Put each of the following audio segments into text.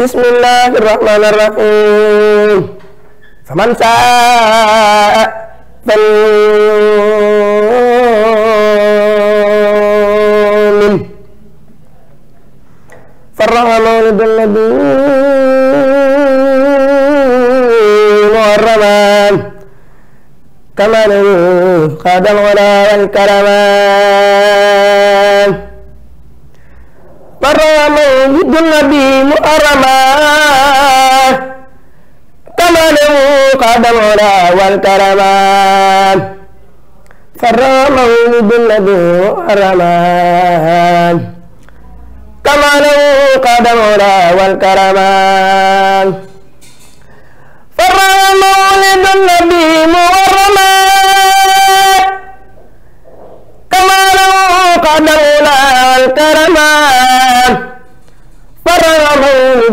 بسم الله الرحمن الرحيم فمن شاء فليؤمن فالرحمن بالذين والرمان كمن قاد الغلا والكرمان مولد النبي مؤرما كما له قد العلا والكرما فر مولد النبي مؤرما كما له قد العلا والكرما فر مولد النبي مؤرما كما له قد العلا والكرما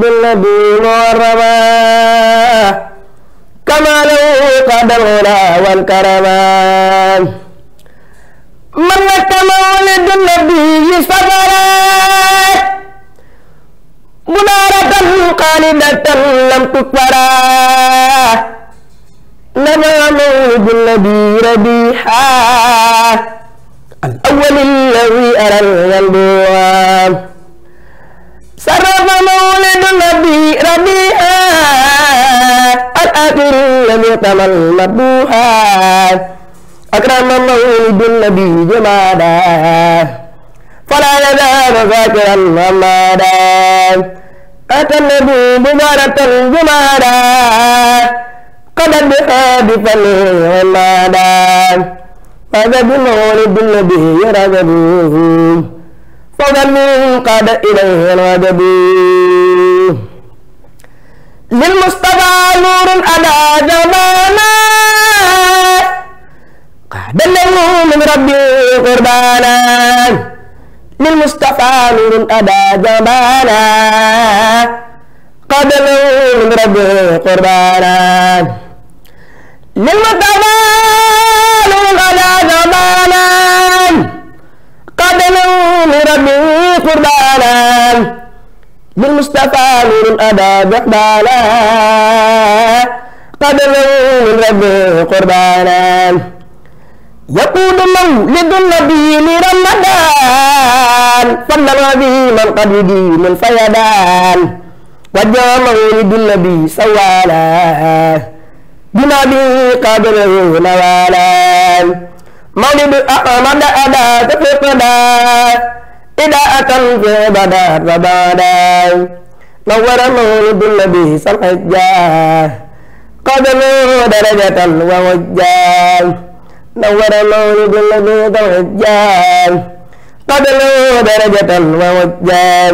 بالذي معرما كما لو قد الغلا والكرما من لك مولد النبي سفرا منارة قالدة لم تكفرا لنا مولد النبي ربيحا الأول الذي أرى الغلبوان سرف مولد النبي ربيعا الآخر لم يتمل نبوها أكرم مولد النبي جمادا فلا يزال ذاكرا رمادا أتى النبي مبارة جمادا قد بها بفنه رمادا هذا بمولد النبي رغبوه فضل قاد إليه الغضب للمصطفى نور أدى زمانا قاد له من ربي قربانا للمصطفى نور أدى زمانا قاد له من ربي قربانا للمصطفى السلام بالمصطفى نور الأبى بإقبالا قدر من ربه قربانا يقول مولد النبي لرمضان فضل عظيما قد يديم الفيضان وجاء مولد النبي سوالا بنبي قدره نوالا مولد أحمد أبا تفقدا إداءة في بدات وبادا نور مولد النبي صلى الله عليه وسلم قدمه درجة ووجاه نور مولد النبي صلى الله عليه وسلم قدمه درجة ووجاه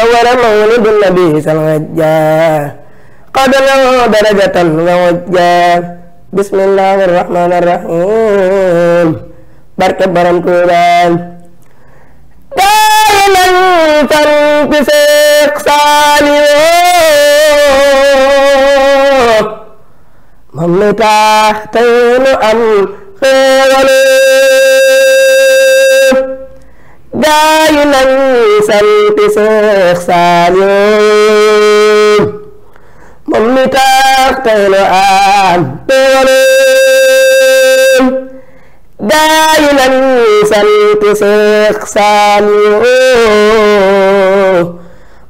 نور مولد النبي صلى الله عليه وسلم قدمه درجة ووجاه بسم الله الرحمن الرحيم بركة برم كوران fal bi Seex Saaliw am xéewalu gaa yi nañ sant Seex Saaliw moom mi tax tey am xéewalu daayiman sant Seex Saaliw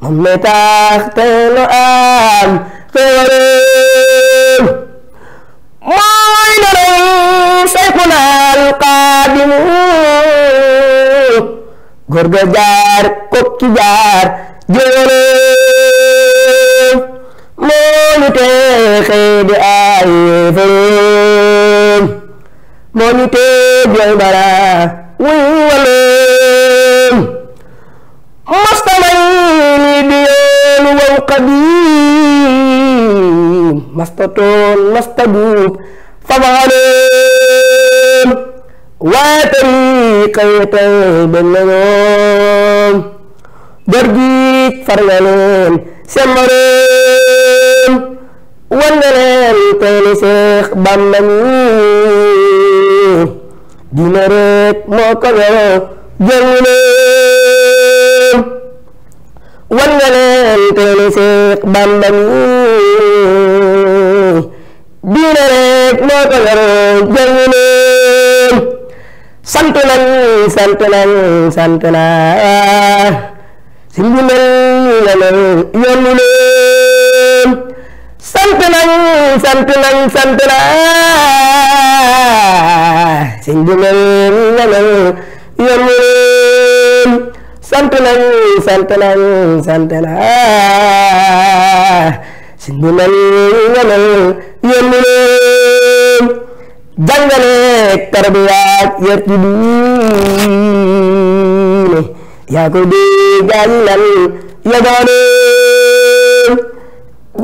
moom mi tax te nu am xéwal mooy ndonoon Sayxuna al Xaadim góor ga jaar kokki jaar jéwale di ay fërëm moo ñu tee bara wuy waloon mastamay li di yoon wow qadim mastatoon mastajuub fabaaloon waa tariqa yetay bennanoon jorgiit fargaleen semmaroon wangaleen teeni seex bàmba dina rek moo ko yoroo jëngu leen wan nga leen teeni Seex Bamba mi dina rek moo ko yoroo jëngu leen sant nañ sant nañ naa si mbi mel ni la sant nañ sant nañ sant naa sëñ bi mel na mel yomb sant nañ sant nañ sant naa sëñ bi mel na mel yomb jàngale tarbiya yar ci diine yaa ko dee gaañ nan yabaane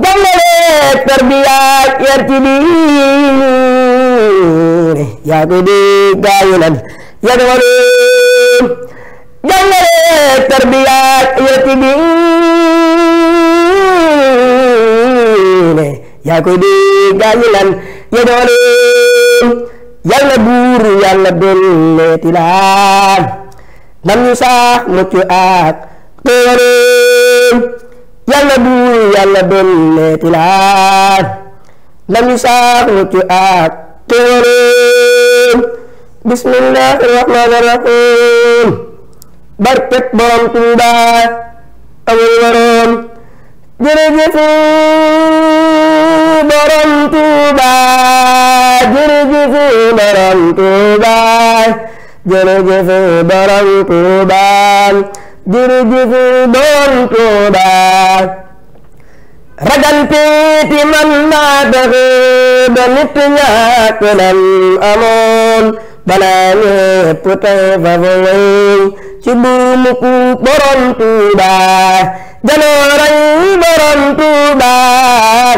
jàngale tarbiya yartibiine yaa ko dee gaayu nan yagmaluun jàngale tarbiya yartibiine yaa ko dee gaayu nan yagmaluun yàlla buur yàlla dolle tilaan nam ñu yàlla du yàlla dolleeti laat lañu sax mucc ak téeréem bismillahi rahmaani rahim barkeb borom Tuuba amul waroom jërëjëf borom Tuuba jërëjëf borom Tuuba jërëjëf borom Tuuba jërëjëf doom Tuuba ragal péeti man maa taxe ba nit ñàkk nam amoon balaa ñëpp tey fa faway ci buumuk borom Tuuba janooray borom Tuuba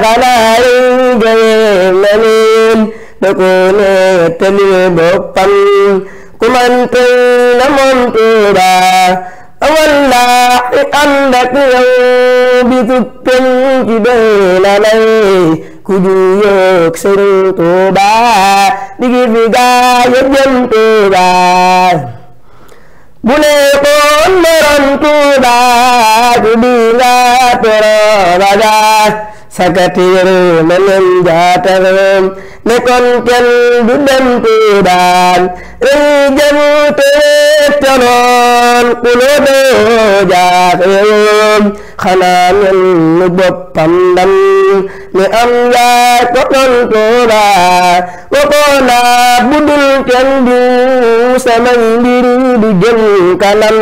xanaa yi jëwee na leen da ko nettali boppam ku tey na moom Tuuba واللاحقا لك ينبت الجبال عليه kuju yok seru toba digi viga yajam toba bule kon meron toba gudiga tero baga sakatir mënëm jaataram ne kon kenn du dem tuubaan rëy jëm te wettanoon ku loo doo jaax réewam nu boppam ndam mi am yaay ko doon tuuba waxoona budul kenn du samay mbir du jëm kanam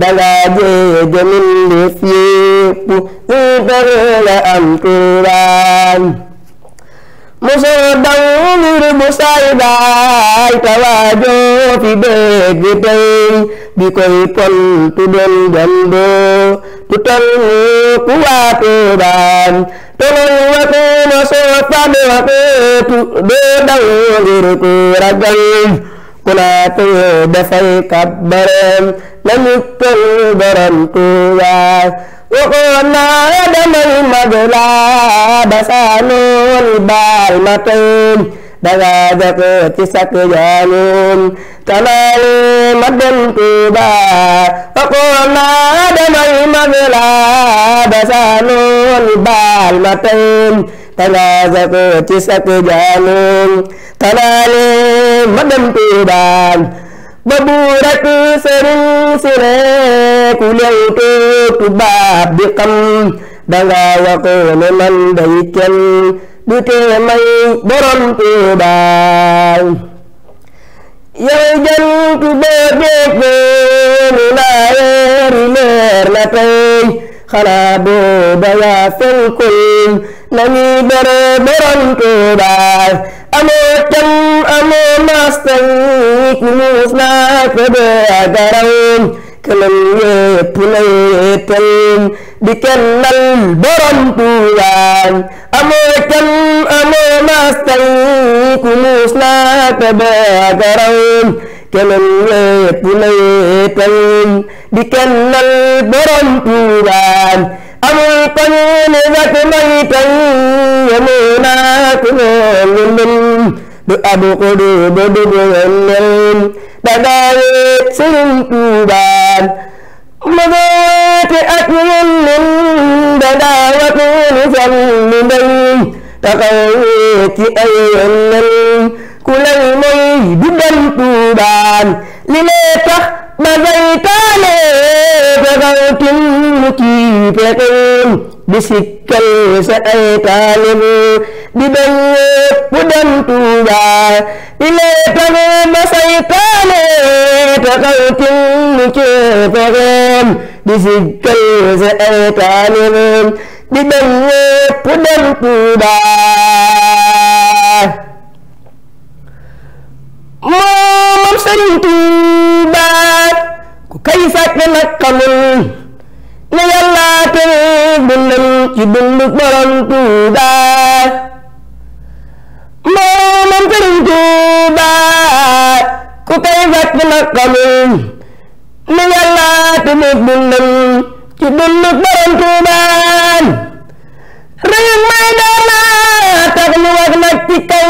dangaaje demin lif yépp siitar la am tuuraan musoo daw ngir bu saay baay tawaajoo fi beeg bi tey bi koy pontu den jandoo tutal ni ku waa tuuraan toloy wakuuna soo fadoo xeetu doo daw ngir ku ragal kulaate yoo dafay kabbaram la nittal borom Tuubaa waxoon naa damay mag laa ba saa noon baal ma tey daga jafe ci sak jaanuun tanaale ma dem Tuubaa waxoon naa damay mag laa ba saa noon baal ma tey tanaasakoo ci sakk jaanoom tanaale ma dem tuubaan ba buur ak sëriñ si ne ku lew toog tubaab bi xam danga waxoo ne man day kenn du tee may borom tuubaan yow jantu boo béeg nu laa leeri leer na tey xanaa booba yaa fenkul nañuy bere borom Tuuba amoo tem amoo mastay ki muus naa ko dee a di kennal borom amoo tem amoo mastay ki muus naa ko dee a di kennal borom أبو القليل ذات ميتا يمينا كنون من بأبو قلوب بدون بداية سلم توبان مضات أكمل من بداوة نفم بين تقويت أيها كل المي بدم توبان لما تخ مضيتاني فغوت مكيفة بسكا سأيتاني ببني قدم توبا إليك مسيتاني فغوت مكيفة بسكا سأيتاني ببني قدم توبا moom Sëriñ Tuubaa kay sàkk nag xamul ni yàlla tëral dundam ci dundu borom Tuuba moo moom Sëriñ Tuuba ku kay sàkk nag xamul ni yàlla tëral dundam ci dundu borom Tuuba rëyum may dara tax ñu wax nag ci kaw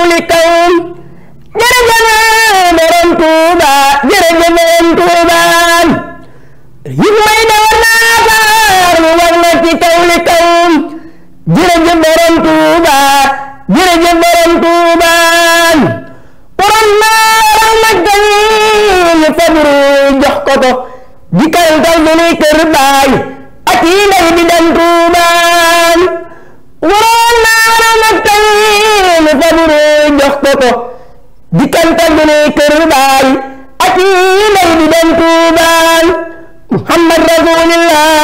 أما الرسول الله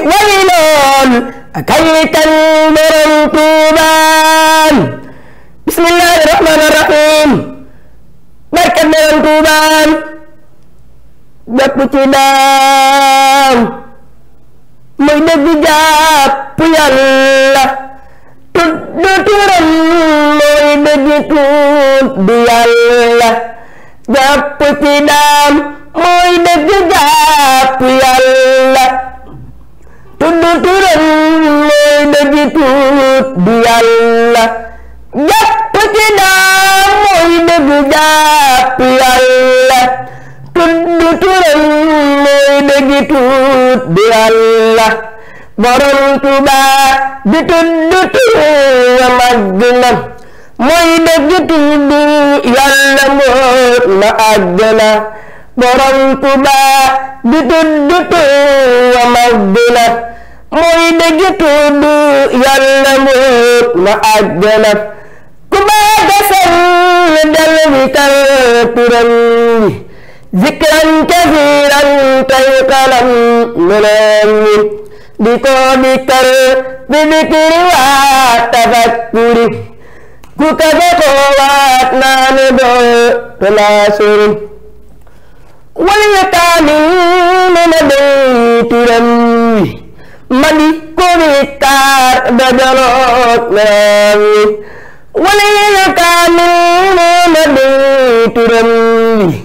ويلون أكيت المرم توبان بسم الله الرحمن الرحيم بركة مرم توبان bépp ci daaw muy dëgg jàpp yàlla tudd turam muy dëgg tudd yàlla jàpp ci daaw muy dëgg jàpp yàlla tudd turam mooy dëggi tuut di yàlla ci daa mooy dëgg jàpp yàlla tudd turam mooy dëggi tuut di borom Tuubaa di tudd turam mooy dëgg tuut di yàlla na àgg na borom Tuubaa di tudd wa màggalat muy dëgg tudd Yàlla muut ma àggalat ku baa ka sell del wital turam wi zikran kasiiran tey kalam mëneem wi di ko dikkal bi dikri waa tafakkuri ku kafe ko waat naa ne doo to laa sori واليتامين لديت رمي ملكم التار دجرات ناوي واليتامين لديت رمي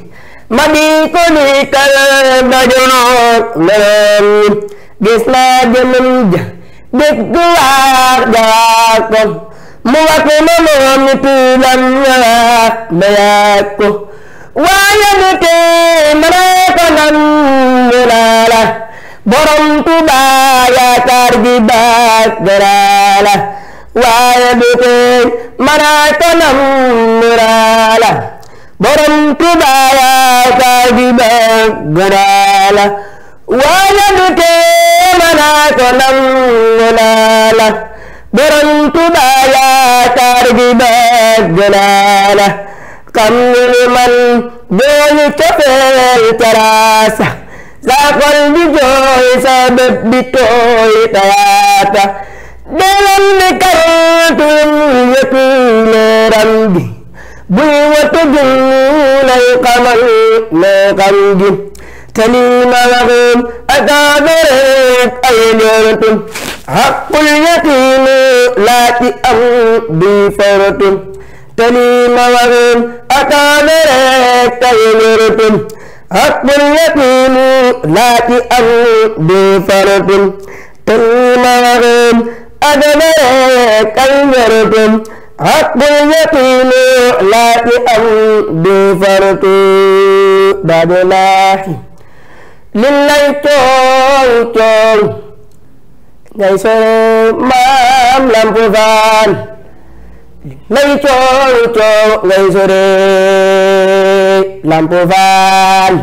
ملكم التار دجرات ناوي جسنا جمل جسنا جاكم موكنا مومتي لن يراك بياكم waayabte mëneeko nangu naa la borom Tuuba yaakaar gi baag naa la waayabte mëneeko nangu naa la borom Tuuba yaakaar gi baag naa la waayabte mëneeko nangu naa la borom Tuuba yaakaar gi baag naa la kam ñu man jooyu cofeel teraasa sa xol bi jooy tooy tayaata delam ni karantum yëtu leeram buy watu junnay xamal meexam gi talima waxum akaabereek ay joortum xaqul yatiinu laati am bi fertum talima waxum أتى مريت يمرت حق اليتيم لا تأل بفرد تنم وغيم أدمرت يمرت حق اليتيم لا تأل بفرد بعد الله لله توي توي ngay sore maam lampu faal nay coow coow ngay sore Lamp Fall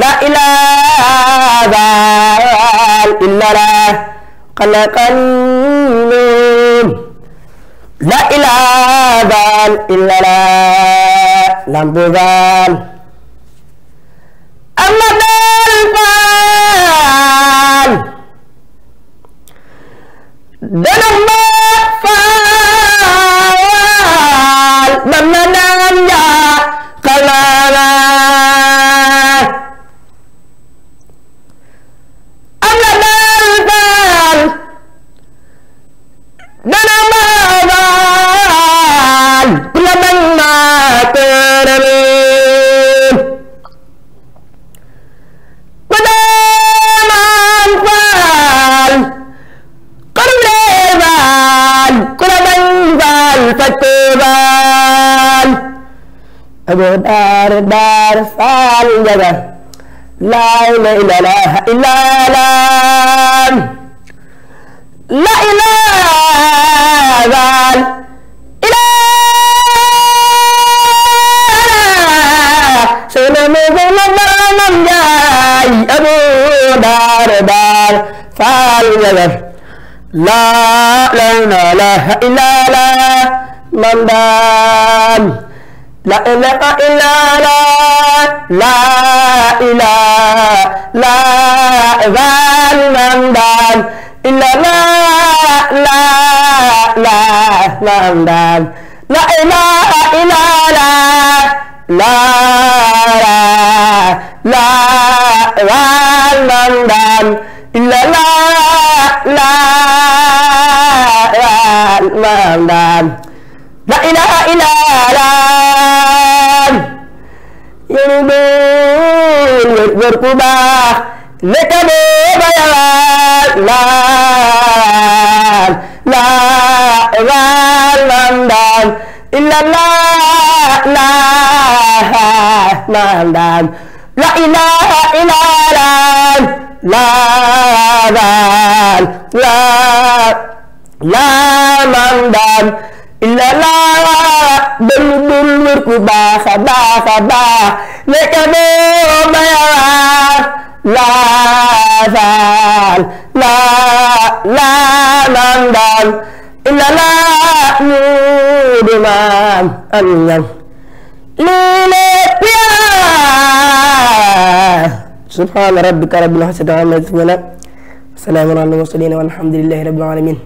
la ilaha illallah xalaqal nuun la ilaha illallah Lamp Fall Amadal Fall godaar daar faal njaga laa ilaaha illallah laa ilaaha illallah solomo solo baramam jaay abu daar daar faal njaga laa ilaaha illallah man daan لا إله إلا لا لا إله لا غالمندان إلا لا لا لا لندان لا إله إلا لا لا لا لا غالمندان إلا لا لا لا لندان لا إله إلا لام يربون يرقبا لتبو بيان لا لا لا لندن إلا لا لا لندن لا إله إلا لام لا لا لا لا لندن illallah delu dul wër ku baax a baax a baax nekk doo bayawaat laa faal laa laa naan daal illallah ñu di maam am ñam lii lépp yaa subhaana rabbika rabbil izzati ammaa yasifuun salaamun alal mursaliin walhamdulillaahi rabbil aalamiin